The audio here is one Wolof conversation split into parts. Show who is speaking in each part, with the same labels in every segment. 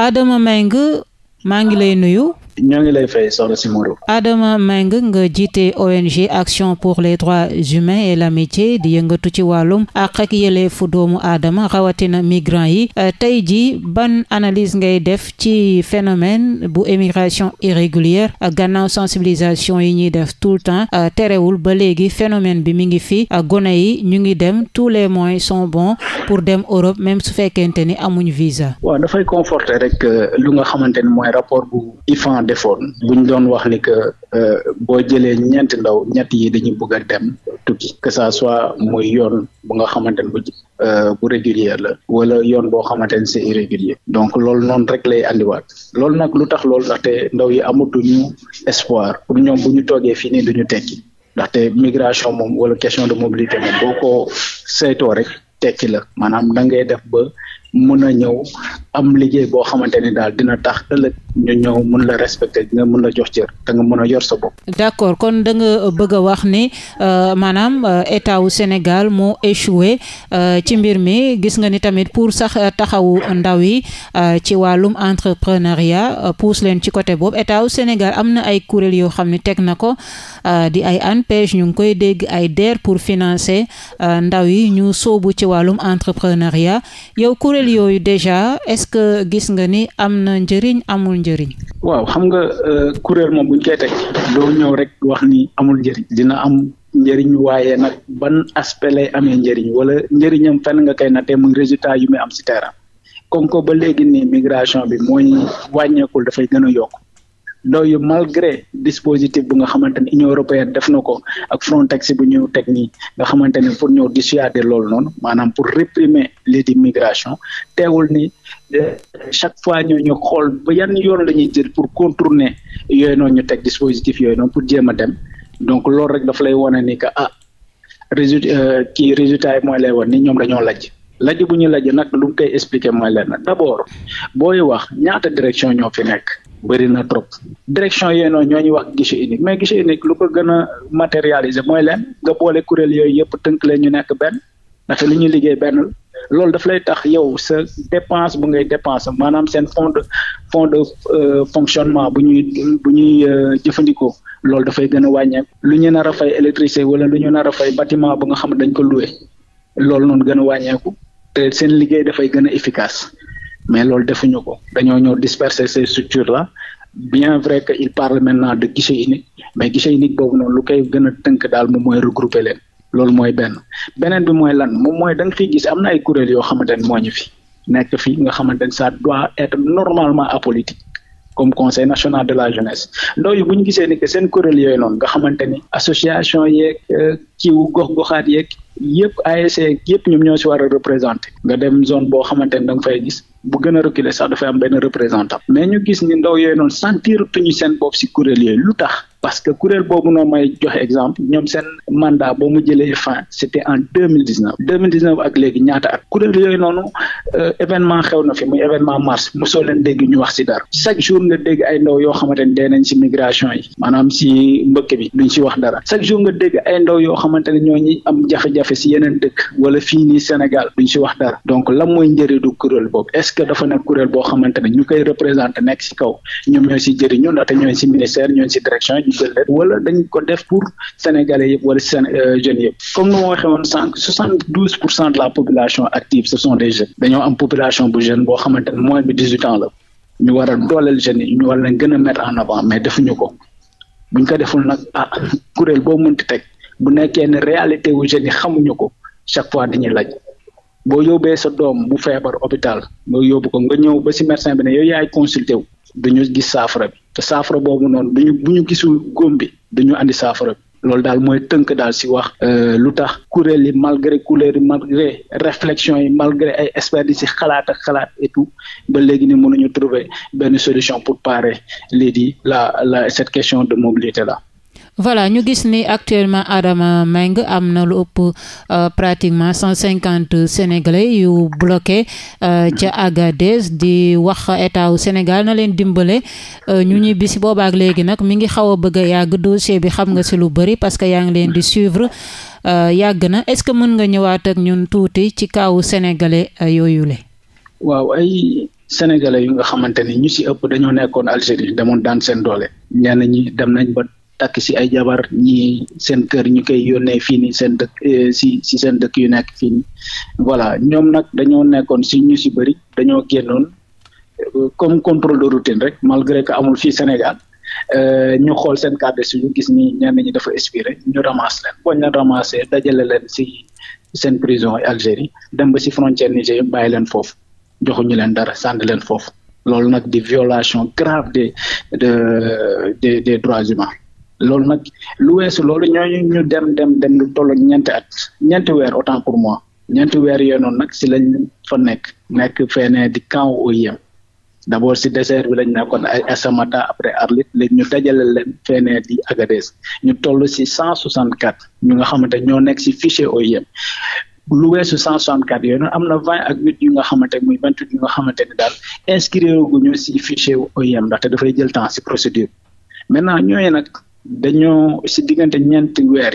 Speaker 1: Adama Mbengue maa ngi lay nuyu.
Speaker 2: ñoo ngi lay fay soxna
Speaker 1: Adama Mbengue nga jiite ONG Action pour les droits humains et l'amitié di yëngatu ci wàllum àq ak fu doomu aadama rawatina migrants yi euh, tey ji ban analyse ngay def ci phénomène bu émigration irrégulière euh, gannaaw sensibilisation yi ñuy def tout le temps euh, terewul ba léegi phénomène bi mi ngi fi gone yi ñu ngi dem tous les moins son bon pour dem Europe même su fekkente ni amuñ visa.
Speaker 2: waaw dafay conforter rek lu nga xamante ni rapport bu IFAN président defoon buñ doon wax ni que euh, boo jëlee ñeenti ndaw ñett yi dañuy bëgg a dem tukki que sa soit muy yoon bu nga xamante ne bu euh, bu régulier la wala yoon boo xamante ne c'est irrégulier donc loolu noonu rek lay andiwaat loolu nag lu tax loolu ndaxte ndaw yi amatuñu espoir pour ñoom bu ñu toogee fii nii duñu tekki ndaxte migration moom wala question de mobilité moom boo ko saytoo rek tekki la maanaam da ngay def ba mën a ñëw am liggéey boo xamante daal dina tax ëllëg ñu ñëw mun la respecter mun la jox cër te mun a yor sa bopp.
Speaker 1: d'accord kon da nga bëgg a wax ni euh, maanaam euh, état wu Sénégal moo échoué euh, ci mbir mi gis nga ni tamit pour sax taxawu ndaw yi ci wàllum entrepreneuriat pousse leen ci côté boobu état wu Sénégal am na ay kuréel yoo xam ne teg na ko di ay ANPEJ ñu ngi koy dégg ay DER pour financer ndaw yi ñu soobu ci wàllum entrepreneuriat yow kuréel yooyu déjà est-ce que gis nga ni am na njëriñ amul. njëriñ.
Speaker 2: waaw xam nga euh, kuréel moom bu ñu teg doo ñëw rek wax ni amul njëriñ dina am njëriñ waaye nag ban aspect lay amee njëriñ wala njëriñam fenn nga koy nattee muy résultat yu muy am si terrain. kon ko ba léegi nii migration bi mooy wàññeekul dafay gën a yokk ndaw yi malgré dispositif bu nga xamante ne Union européenne def na ko ak Frontex bu ñu teg nii nga xamante ne pour ñëw dissuader loolu noonu maanaam pour réprimer lii di migration teewul ni eh, chaque fois ñoo ñu xool ba yan yoon la ñuy jël pour contourner yooyu noonu ñu teg dispositif yooyu noonu pour jéem a dem donc loolu rek dafa lay wane ni que ah résult euh, kii résultat yi mooy lay wan ni ñoom dañoo lajj laj bu ñu laj nag lu mu koy expliquer mooy leen d'abord booy wax ñaata direction ñoo fi nekk. bëri na trop direction yooyu noonu ñoo ñuy wax guichet unique mais guichet unique lu ko gën a matérialiser mooy leen nga boole kuréel yooyu yëpp tënk leen ñu nekk benn ndaxte lu ñuy liggéey benn loolu daf lay tax yow sa dépense bu ngay dépense maanaam seen fond de fond de euh, fonctionnement bu ñuy bu ñuy euh, jëfandikoo loolu dafay gën a wàññeeku lu ñu nar a fay électricité wala lu ñu nar a fay bâtiment bu nga xam ne dañ ko loué loolu noonu gën a wàññeeku te seen liggéey dafay gën a efficace mais loolu defuñu ko dañoo ñëw disperser ces structures la bien vrai que il parle maintenant de guichet unique mais guichet unique boobu noonu lu koy gën a tënk daal moom mooy regrouper leen loolu mooy benn beneen bi mooy lan moom mooy da nga fiy gis am na ay kuréel yoo xamante ne moo ñu fi nekk fii nga xamante ne ça doit être normalement politique comme conseil national de la jeunesse ndooyu bu ñu gisee ni que seen kuréel yooyu noonu nga xamante ni association yeeg euh, kiiwu gox goxaat yeeg yëpp ASC yëpp ñoom ñoo si war a représenté nga dem zone boo xamante ne da nga fay gis bu gën a sax dafay am benn mais ñu gis ni ndaw yooyu noonu sentir tuñu seen bopp si kuréel yooyu lu tax parce que kuréel boobu noonu may joxe exemple ñoom seen mandat ba mu jëlee fin c' en deux mille dix neuf deux mille dix neuf ak léegi ñaata at kuréel yooyu noonu euh, événement xew na fi muy événement dégg ñu wax si dara chaque jour nga dégg ay ndaw yoo yi maanaam si mbëkk bi duñ si wax dara chaque jour jafe si yeneen dëkk wala fii nii Sénégal duñ si wax dara donc lan mooy njëriñu kuréel boobu est ce que dafa nekk kuréel boo xamante ne ñu koy représenté nekk si kaw ñoom ñooy si jëriñu ndaxte ñooy si ministère ñooy si direction wala dañ ko def pour sénégalais yëpp wala seen euh, jeunes yëpp comme nu ma waxee woon sànq soixante douze pour cent de la population active ce sont des jeunes dañoo am population bu jeune boo xamante ne moins dix huit ans la ñu war a dooleel jeunes yi ñu war a mettre en avant mais defuñu bu nekkee ne réalité wu jeunes yi xamuñu ko chaque fois dañuy laaj boo yóbbee sa doom bu feebar hôpital nga yóbbu ko nga ñëw ba si médecin bi ne yow yaay consulté wu duñu gis saafara bi te saafara boobu noonu duñu bu ñu gisul góom bi duñu indi saafara bi loolu daal mooy tënk daal si wax euh, lu tax kuréel yi malgré couleur yi malgré réflexion yi malgré ay experts si xalaat ak xalaat et ba léegi ni mënuñu trouver benn solution pour parer lii la la cette question de mobilité là
Speaker 1: voilà ñu gis ni actuellement Adama Mbengue am na lu ëpp euh, pratiquement cent cinquante sénégalais yu bloqué euh, ca Agadez di wax état wu Sénégal na leen dimbale euh, ñu ñibbi si boobaak léegi nag mi ngi xaw a bëgg yàgg dossier bi xam nga si lu bëri parce que yaa ngi leen di suivre yàgg na est-ce que mën nga ñëwaat ak ñun tuuti ci kawu sénégalais yooyu le
Speaker 2: waaw ay sénégalais yu nga xamante ni ñu si ëpp dañoo nekkoon Algérie demoon daan seen doole ñenn ñi dem nañ ba. takk si ay jabar ñi seen kër ñu koy yónnee fii nii seen dëkk eh, si si seen dëkk yu nekk fii nii voilà ñoom nag dañoo nekkoon si ñu si bëri dañoo génnoon eh, comme contrôle de routine rek malgré que amul fii Sénégal eh, ñu xool seen carte suñu gis ni ñenn ñi dafa expiré ñu ramasse leen boo ñu ramassé dajale si seen prison Algérie dem ba si frontière Niger bàyyi leen foofu joxuñu leen dara sànni leen foofu loolu nag di violation grave des des des droits humains loolu nag lu weesu loolu ñooñu ñu dem dem dem lu tolloog ñeenti at ñeenti weer autant pour moi ñeenti weer yooyu nag si lañ fo nekk nekk fenee di kan OIM d' abord si désert bi lañ nekkoon ay Asamata après Arlit léegi ñu dajale leen fenee di Agadez ñu toll si cent soixante quatre ñu nga xamante ñoo nekk si fichier OIM lu weesu cent soixante quatre yooyu am na vingt ak huit yu nga xamante muy vingt huit nga xamante ni daal inscrire guñu si fichier OIM ndaxte dafay jël temps si procédure maintenant nag dañoo si diggante ñeenti weer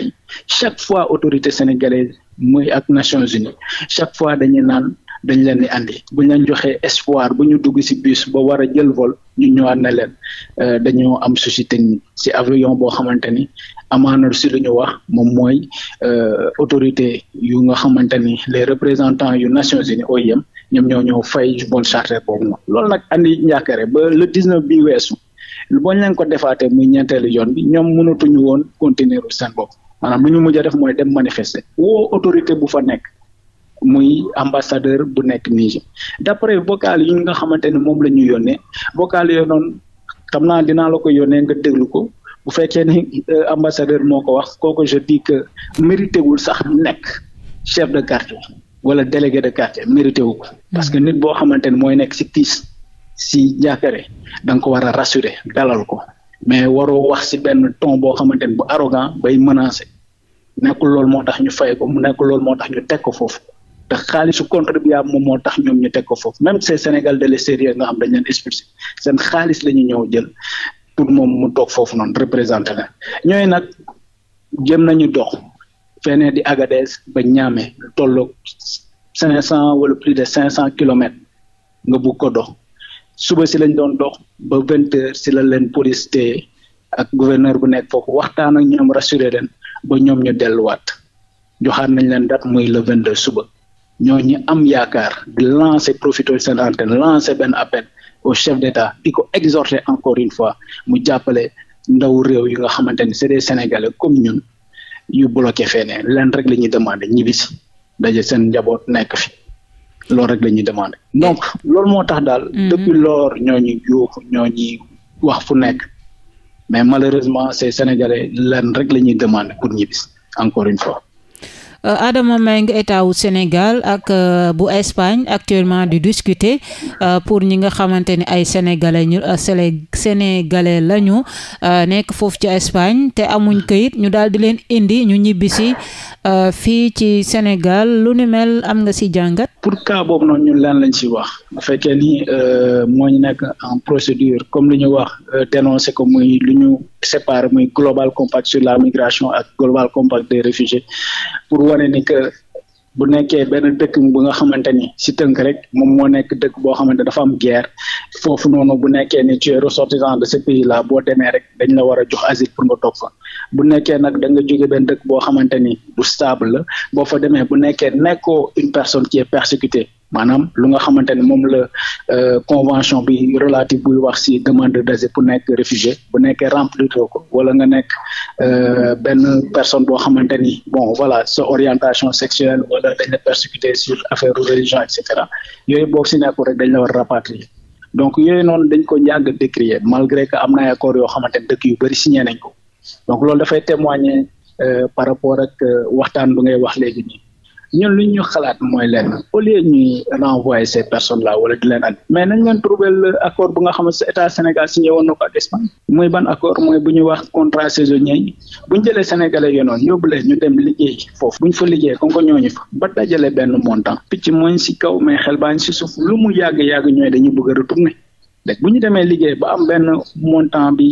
Speaker 2: chaque fois autorité sénégalaise mooy ak Nations Unies chaque fois dañuy naan dañ leen di andi bu ñu leen joxee espoir bu ñu dugg si bus ba war a jël vol ñu ñëwaat na leen euh, dañoo am souci technique si avion boo xamante ni amaana si lu ñu wax moom mooy euh, autorité yu nga xamante ni les représentants yu Nations Unies OIM ñoom ñoo ñëw fay vol charter boobu noonu loolu nag andi njàkkare le 19 bi weesu. boñ leen ko defaatee muy ñeenteelu yoon bi ñoom mënatuñu woon continuer seen bopp maanaam ñu mujj a def mooy dem manifester woo autorité bu fa nekk muy ambassadeur bu nekk Niger d'après vocal yi nga xamante ne moom la ñu yónnee vocal yooyu noonu xam naa dinaa la ko yónnee nga déglu ko bu fekkee ni euh, ambassadeur moo ko wax kooku je dis que mérité wul sax nekk chef de quartier wala délégué de quartier mérité ko parce que nit boo xamante mooy nekk ci tiis si yaakare da ko war a rassurer dalal ko mais waroo wax si benn ton boo xamante ne bu arrogan bay menacé nekkul loolu moo tax ñu fay ko mu nekkul loolu moo tax ñu teg ko foofu te xaalisu contribuable moom moo tax ñoom ñu teg ko foofu même ces Sénégal de l'extérieur nga xam dañ leen expulsé seen xaalis la ñu ñëw jël pour moom mu toog foofu noonu représenté la ñooy nag jëm nañu dox feneen di Agadez ba Niamey tolloog cinq cent wala plus de cinq cent kilomètres nga bug ko dox suba si lañ doon dox ba vingt si la leen police téye ak gouverneur bu nekk foofu waxtaan ak ñoom rassuré leen ba ñoom ñu delluwaat joxaan nañ leen date muy le vingt deux suba ñoo ñu am yaakaar di lancer profité seen antenne benn appel au chef d'État di ko exhorter encore une fois mu jàppale ndaw réew yi nga xamante ni c'est des comme ñun yu bloqué feneen leen rek la ñuy demandé ñibbi si daje seen njaboot nekk fi loolu rek la ñuy demandé donc loolu moo tax daal. Mm-hmm. depuis lors ñoo ñu yuuxu ñoo ñuy wax fu nekk. mais malheureusement ces sénégalais lenn rek la ñuy demandé pour ñibbis encore une fois.
Speaker 1: Euh, Adama Mbengue état wu Sénégal ak euh, bu Espagne actuellement di discuter euh, pour ñi nga xamante ne ay sénégalais ñu sénégalais lañu nekk foofu ci Espagne te amuñ kayit ñu daal di leen indi ñu ñibbisi fii ci Sénégal lu ni mel am nga si jàngat.
Speaker 2: pour cas boobu noonu ñun lan lañ ci wax bu fekkee ni moo ñu nekk en procédure comme lu ñu wax dénoncé ko muy lu ñu séparé muy global compact sur la migration ak global compact des réfugiés wane ni que bu nekkee benn dëkk bu nga xamante ni si tënk rek moom moo nekk dëkk boo xamante dafa am guerre foofu noonu bu nekkee ni tu es ressortissant de ce pays là boo demee rek dañ la war a jox asile pour nga toog fa bu nekkee nag da nga jóge benn dëkk boo xamante ni bu stable la boo fa demee bu nekkee nekkoo une personne qui est persécutée maanaam lu nga xamante ne moom la euh, convention bi relative buy wax ci demande d'asile pour nekk réfugié bu nekkee remplir ko wala nga nekk euh, benn personne boo xamante ni bon voilà sa orientation sexuelle wala dañ la persécuté sur affaire religion et yooyu boo ci nekkul rek dañ la war rapatrier donc yooyu noonu dañ ko njàng décrier malgré que am na ay yoo xamante ne dëkk yu bëri signé nañ ko donc loolu dafay témoigner euh, par rapport ak waxtaan bu ngay wax léegi ñun lu ñu xalaat mooy leen au lieu ñuy renvoyer ces personnes là wala di leen at mais nañ leen trouver le accord bu nga xam ne état Sénégal signé woon na ko ak Espagne mooy ban accord mooy bu ñuy wax contrat saisonnier yi bu jëlee sénégalais yonoon yóbbu leen ñu dem liggéey foofu bu ñu fa liggéey comme que ñooñu fa ba dajale benn montant picc mooñ si kaw mais xel baañ si suuf lu mu yàgg-yàgg ñooy dañu bëgg a retourner léegi bu ñu demee liggéey ba am benn montant bi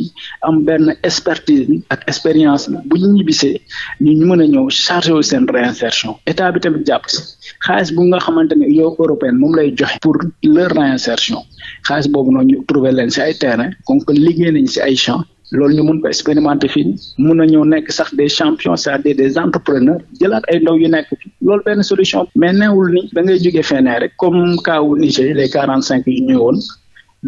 Speaker 2: am benn expertise bi ak expérience bu ñu ñibbisee ñu ñu mën a ñëw chargé wu seen réinsertion état bi tamit jàpp si xaalis bu nga xamante ne Union européenne moom lay joxe pour leur réinsertion xaalis boobu noonu ñu trouvé leen si ay terrain kon liggéey nañ si ay champs. loolu ñu mun ko expérimenter fii mun nañoo nekk sax des champions c'est-à-dire des entrepreneurs jëlaat ay ndaw yu nekk fi loolu benn solution mais neewul ni da ngay jógee feneen rek comme cas wu Niger les quarante cinq yu ñëwoon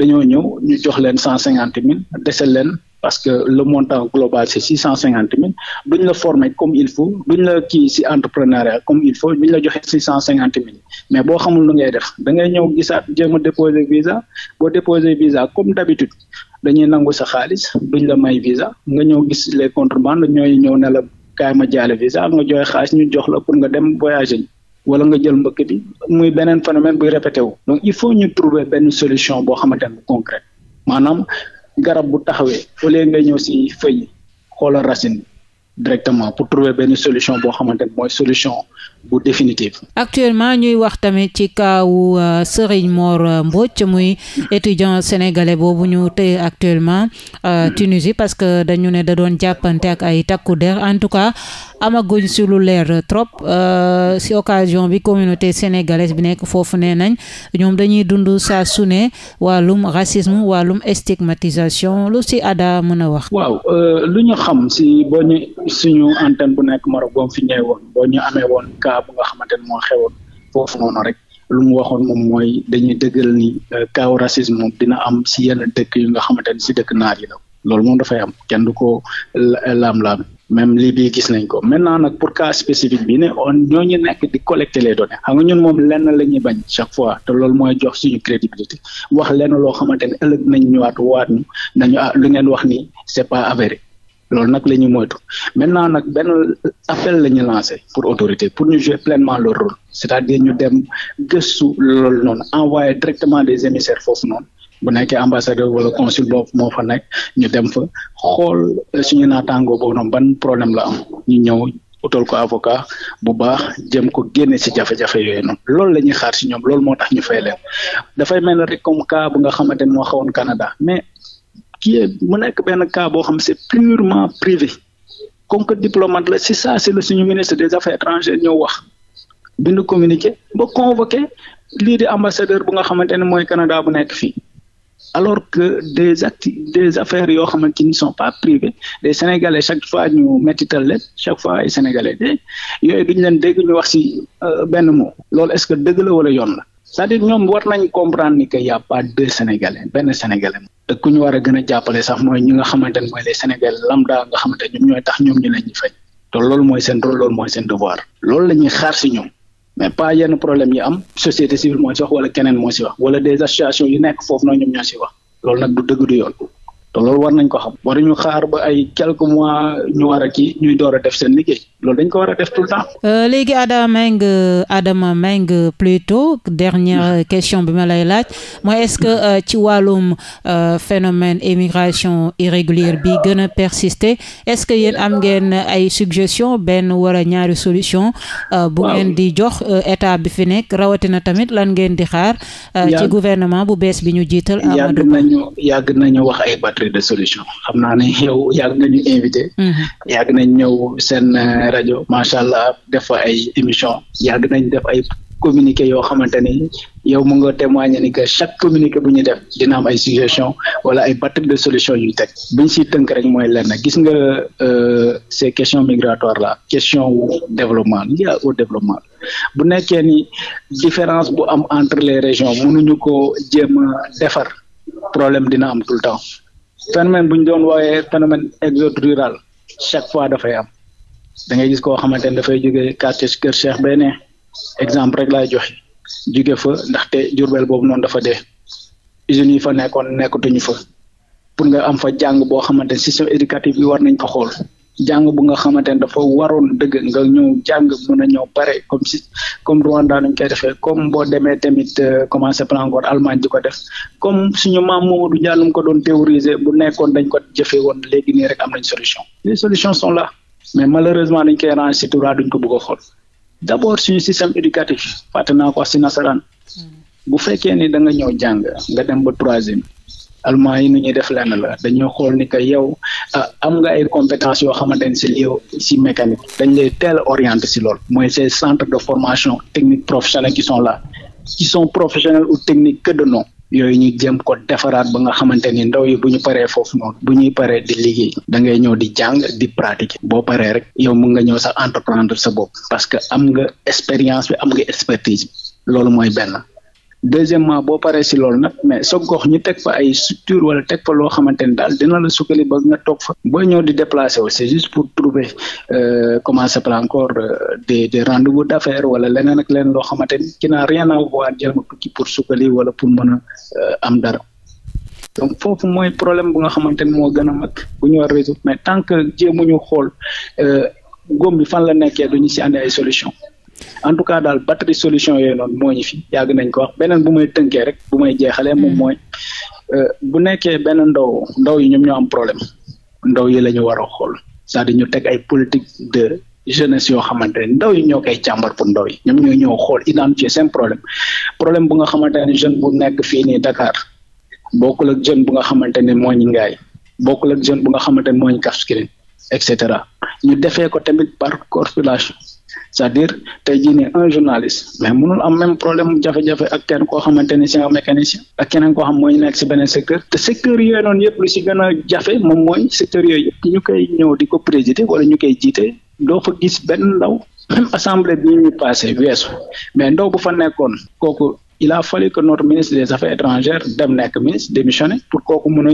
Speaker 2: dañoo ñëw ñu jox leen cent cinquante mille dese leen parce que le montant global c'est six cent cinquante mille duñ la former comme il faut duñ la kii ci entrepreneuriat comme il faut duñ la joxe six cent cinquante mille mais boo xamul lu ngay def da ngay ñëw gisaat jéem a déposer visa boo déposer visa comme d'habitude dañuy nangu sa xaalis duñ la may visa nga ñëw gis les contrebandes ñooy ñëw ne la kaay ma jaale visa nga joxe xaalis ñu jox la pour nga dem voyager wala nga jël mbëkk bi muy beneen phénomène buy répété wu donc il faut ñu trouver benn solution boo xamante ne concrète maanaam garab bu taxawee au lieu nga ñëw si feuille xoolal racine directement pour trouver benn solution boo xamante ne mooy solution bu définitive.
Speaker 1: actuellement ñuy wax tamit ci kaawu euh, Serigne Mor euh, Mbodj muy étudiant sénégalais boobu ñu te actuellement euh, mm-hmm. Tunisie parce que dañu ne da doon jàppante ak ay takku der en tout cas amaguñ si lu leer trop si occasion bi communauté sénégalaise bi nekk foofu nee nañ ñoom dañuy dund saa su ne wàllum racisme wàllum stigmatisation lu si ada mën a wax.
Speaker 2: lu ñu xam si boo ñu suñu antenne bu nekk Maroc boo fi ñëwee woon boo ñu amee woon cas bu nga xamante ne moo xewoon foofu noonu rek lu mu waxoon moom mooy dañuy dëggal ni kaaw euh, racisme moom dina am si yenn dëkk yu nga xamante ne si dëkk naar yi la loolu moom dafay am kenn du ko laam-laam même lii bii gis nañ ko maintenant nag pour cas spécifique bi ne on ñooñu nekk di collecter les données xam nga ñun moom lenn la ñuy bañ chaque fois te loolu mooy jox suñu crédibilité wax lenn loo xamante ne ëllëg nañ ñëwaat waat ñu nañu ah, lu ngeen wax ni c'est pas avéré loolu nag la ñu moytu maintenant nag benn appel la ñu lancé pour autorité pour ñu jouer pleinement leur rôle c'est-à-dire ñu dem gëstu loolu noonu envoyé directement des émissaires foofu noon bu nekkee ambassadeur wala consul boobu moo fa nekk ñu dem fa xool suñu naataangoo boobu noonu ban problème la am ñu ñëw utal ko avocat bu baax jëm ko génne ci jafe yooyu noonu loolu la ñuy xaar ci ñoom loolu moo tax ñu fay leen dafay mel ne rek comme cas bu nga xamante ne moo xawoon Canada mais qui est mu nekk benn cas boo xam c'est purement privé comme que diplomate la si saa si la suñu ministre des affaires étrangères ñëw wax bind communiqué bo convoqué lii di ambassadeur bu nga xamante ne mooy Canada bu nekk fii alors que des actes des affaires yoo xamante ni sont pas privées des sénégalais chaque fois ñu métital leen chaque fois ay sénégalais de yooyu duñ leen dégg ñu wax ci euh, benn mot loolu est-ce que dëgg la wala yoon la. cest à ñoom war nañ comprendre ni que y a pas deux sénégalais benn sénégalais te ku ñu war a gën a jàppale sax mooy ñi nga xamante ne mooy les sénégalais lambda nga xamante ñoom ñooy tax ñoom ñu leen te loolu mooy seen rôle loolu mooy seen devoir loolu la ñuy xaar si ñoom mais pas yenn problème yi am société civile moo si wax wala keneen moo si wax wala des associations yi nekk foofu noonu ñoom ñoo si wax loolu nag du dëgg du yoon te loolu war nañ ko xam ñu xaar ba ay quelques mois ñu war a kii ñuy door a def seen liggéey loolu dañ ko war a def tout le temps.
Speaker 1: Euh, léegi Adama Mbengue Adama Mbengue plutôt dernière question bi ma lay laaj mooy est-ce que euh, ci wàllum euh, phénomène immigration irrégulière bi gën a persister est-ce que yéen am ngeen ay suggestion benn wala ñaari solution. bu ngeen di jox état bi fi nekk rawatina tamit lan ngeen di xaar. ci gouvernement bu bees bi ñu jiital. Amadou
Speaker 2: yàgg nañu yàgg wax ay batterie de solution xam naa ne yow yàgg nañu invité. Mhm. yàgg nañu ñëw ay rajo macha allah def fa ay émission yàgg nañ def ay communiqué yoo xamante ni yow mu nga témoigner ni que chaque communiqué bu ñu def dina am ay suggestion wala ay batterie de solution yu teg bu ñu siy tënk rek mooy lenn gis nga euh, ces questions migratoires la question wu développement lié développement bu nekkee ni différence bu am entre les régions mënuñu ko jéem a defar problème dina am tout le temps phénomène bu ñu doon wooyee exode rural chaque fois dafay am da ngay gis koo xamante ne dafay jóge quartier kër Cheikh benn exemple rek laay joxe jóge fa ndaxte Jurbel boobu noonu dafa dee usines yi fa nekkoon nekkatuñu fa pour nga am fa jàng boo xamante ne système éducatif bi war nañ ko xool jàng bu nga xamante ne dafa waroon dëgg nga ñëw jàng mën a ñëw pare comme si comme Rwanda nuñ koy defee comme boo demee tamit euh, comment s'appelle encore di ko def comme suñu maam Mamadou Dia lu mu ko doon théoriser bu nekkoon dañ ko jëfe woon léegi nii rek am nañ solution les solutions sont là. mais malheureusement dañ koy ranger ci turaa duñ ko bëgg a suñu système éducatif fàtte naa ko ci nasaraan mm. bu fekkee ni da nga ñëw jàng nga dem ba troisième allemand yi nu ñuy def lenn la dañoo xool ni que yow ah, am nga ay compétences yoo xamante ni si yow si mécanique dañ lay tel a si lool mooy ces centres de formation technique professionnelle qui sont la qui sont professionnels ou techniques que de yooyu ñu jëm ko defaraat ba nga xamante ni ndaw yi bu ñu paree foofu noonu bu ñuy paree di liggéey da ngay ñëw di jàng di pratiquer boo paree rek yow mun nga ñëw sax entreprendre sa bopp parce que am nga expérience bi am nga expertise bi loolu mooy benn deuxièmement boo paree si loolu nag mais sa gox ñu teg fa ay structure wala teg fa loo xamante ni daal dina la sukkali ba nga toog fa booy ñëw di déplacer wu c'est pour trouver euh, comment s'appelle encore euh, des des rendez-vous d'affaires wala leneen ak leneen loo xamante ni ki naa rien à voir jëlma tukki pour sukkali wala pour mën a euh, am dara donc foofu mooy problème bu nga xamante ni moo gën a mag bu ñu war résoudre mais tant que ñu xool góom bi fan la nekkee ñu si andi ay solution en tout cas daal batterie solution yooyu noonu moo ñu fi yàgg nañ ko wax beneen bu may tënkee rek bu may jeexalee moom hmm. mooy euh, bu nekkee benn ndaw ndaw yi ñoom ñoo am problème ndaw yi la ñu war a xool c'est-à-dire teg ay politique de jeunesse yoo xamante ne ndaw yi ñoo koy càmbar pour ndaw yi ñoom ñoo ñëw xool identifier seen problème problème bu nga xamante ne jeune bu nekk fii nii Dakar bokkul ak jeune bu nga xamante ne moo ñu ngaay bokkul ak jeune bu nga xamante ne moo ñu Cap cetera ñu defee ko tamit par corporation c'est-à-dire tey jii nii un journaliste mais mënul am même problème mu jafe-jafe ak kenn koo xamante ni c'est un mécanicien ak keneen koo xam mooy nekk si beneen secteur te secteur yooyu noonu yëpp si gën jafe moom mooy secteur yooyu ñu koy ñëw di ko présider wala ñu koy jiite doo fa gis benn ndaw même assemblée bi ñuy passé weesu mais ndaw bu fa nekkoon kooku il a fallu que notre ministre des affaires étrangères dem nekk ministre démissionné pour kooku mën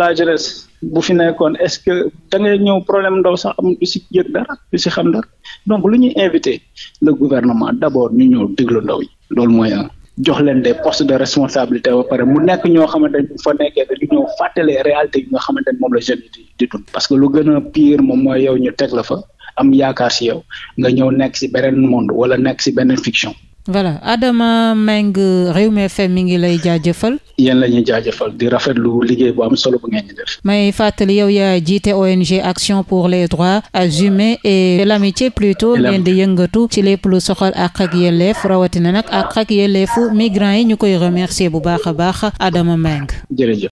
Speaker 2: a ñëw un bu fi nekkoon est-ce que da ngay ñëw problème ndaw sax am du si yëg dara du si xam dara donc lu ñuy invité le gouvernement d'abord ñu ñëw déglu ndaw yi loolu mooy am jox leen des postes de responsabilité ba pare mu nekk ñoo xamante ni fa nekkee dañu ñëw fàttali réalité yi nga xamante ni moom la jeune yi di dund parce que lu gën a pire moom mooy yow ñu teg la fa am yaakaar si yow nga ñëw nekk si beneen monde wala nekk si beneen fiction
Speaker 1: voilà Adama Mbengue Rewmi FM mi ngi lay jaajëfal.
Speaker 2: yéen la ñuy jaajëfal di rafetlu liggéey bu am solo bu ngeen ñu def.
Speaker 1: may fàttali yow ya jiite ONG Action pour les droits humains et l'amitié plutôt leen di yëngatu ci lépp lu soxal àq ak yelleef rawatina nag àq ak yelleefu migrants yi ñu koy remercier bu baax a baax Adama Mbengue.